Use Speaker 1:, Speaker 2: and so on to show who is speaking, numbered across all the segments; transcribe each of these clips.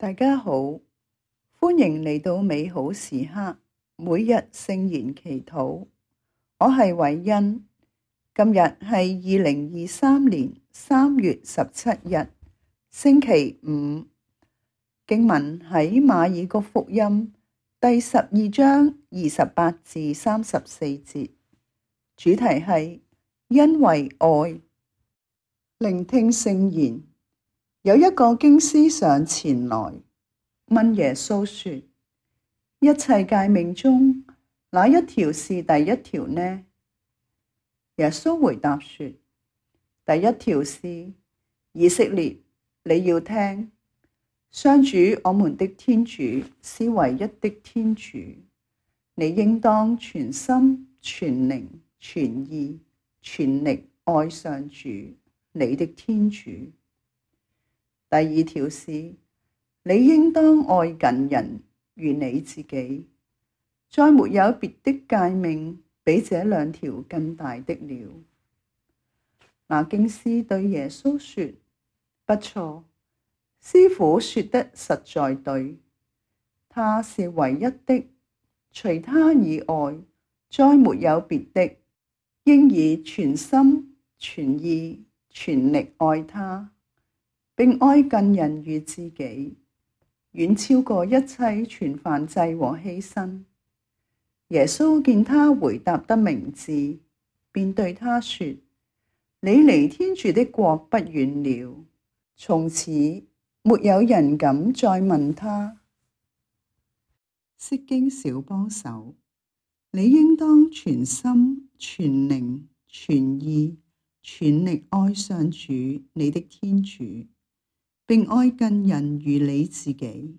Speaker 1: 大家好，歡迎嚟到美好時刻，每日聖言祈禱。我係韋恩，今日係二零二三年三月十七日，星期五。經文喺馬爾谷福音第十二章二十八至三十四節，主題係因為愛，聆聽聖言。有一個經師上前來問耶穌說：一切誡命中，哪一條是第一條呢？耶穌回答說：第一條是，以色列，你要聽，上主我們的天主是唯一的天主，你應當全心、全靈、全意、全力愛上主，你的天主。第二條是，你應當愛近人如你自己，再沒有別的誡命比這兩條更大的了。那經師對耶穌說：不錯，師傅說得實在對，他是唯一的，除他以外再沒有別的，應以全心、全意、全力愛他。並愛近人如自己，遠超過一切全燔祭和犧牲。耶穌見他回答得明智，便對他說：你離天主的國不遠了。從此沒有人敢再問他。釋經小幫手，你應當全心、全靈、全意、全力愛上主，你的天主。並愛近人如你自己，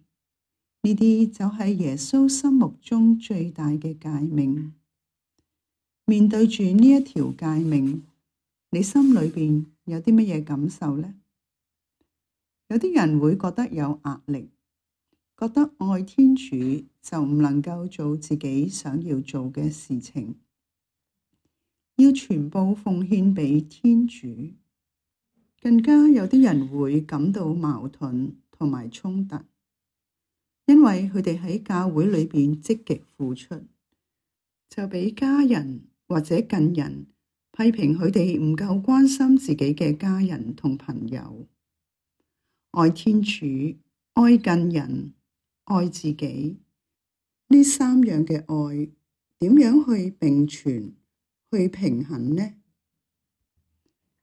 Speaker 1: 呢啲就係耶穌心目中最大嘅誡命。面對住呢一條誡命，你心裏邊有啲乜嘢感受呢？有啲人會覺得有壓力，覺得愛天主就唔能夠做自己想要做嘅事情，要全部奉獻畀天主。更加有啲人會感到矛盾同埋衝突，因為佢哋喺教會裏邊積極付出，就俾家人或者近人批評佢哋唔夠關心自己嘅家人同朋友，愛天主、愛近人、愛自己，呢三樣嘅愛點樣去並存、去平衡呢？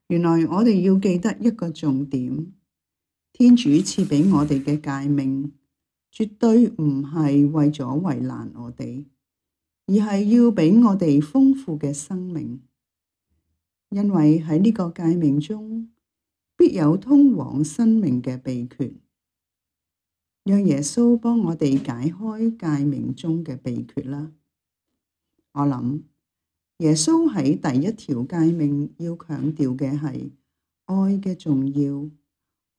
Speaker 1: 原來我哋要記得一個重點，天主賜畀我哋嘅誡命，絕對唔係為咗為難我哋，而係要畀我哋豐富嘅生命。因為喺呢個誡命中，必有通往生命嘅秘訣，讓耶穌幫我哋解開誡命中嘅秘訣啦。我諗。耶穌喺第一條誡命要強調嘅係愛嘅重要，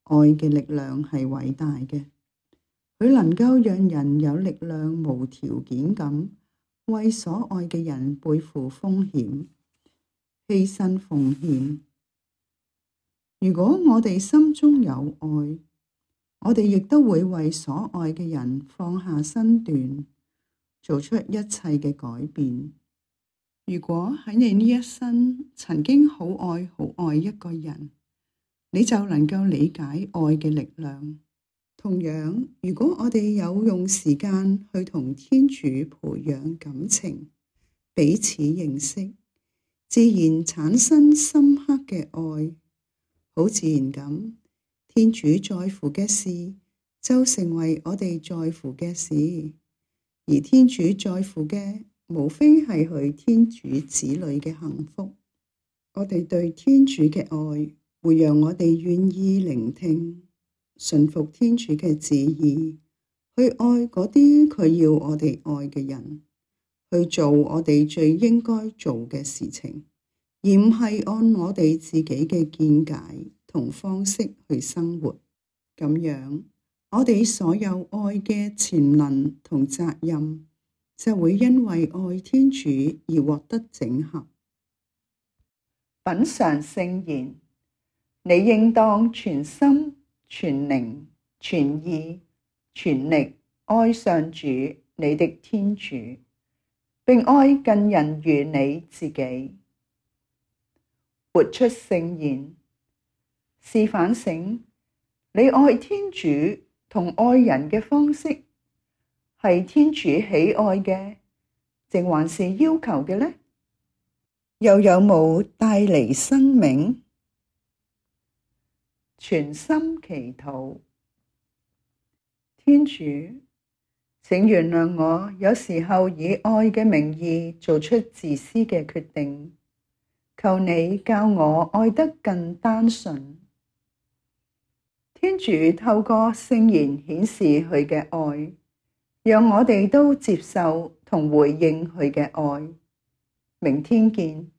Speaker 1: 愛嘅力量係偉大嘅，佢能夠讓人有力量無條、無條件咁為所愛嘅人背負風險、犧牲奉獻。如果我哋心中有愛，我哋亦都會為所愛嘅人放下身段，做出一切嘅改變。如果喺你呢一生曾經好愛好愛一個人，你就能夠理解愛嘅力量。同樣，如果我哋有用時間去同天主培養感情，彼此認識，自然產生深刻嘅愛，好自然咁，天主在乎嘅事就成為我哋在乎嘅事，而天主在乎嘅。無非係佢天主子女嘅幸福，我哋對天主嘅愛會讓我哋願意聆聽、順服天主嘅旨意，去愛嗰啲佢要我哋愛嘅人，去做我哋最應該做嘅事情，而唔係按我哋自己嘅見解同方式去生活。咁樣，我哋所有愛嘅潛能同責任就會因為愛天主而獲得整合，品嚐聖言。你應當全心、全靈、全意、全力愛上主你的天主，並愛近人如你自己。活出聖言，試反省你愛天主同愛人嘅方式。係天主喜愛嘅，定還是要求嘅呢？又有冇帶嚟生命？全心祈禱，天主，請原諒我，有時候以愛嘅名義做出自私嘅決定。求你教我愛得更單純。天主透過聖言顯示佢嘅愛。讓我哋都接受同回應佢嘅愛。明天見。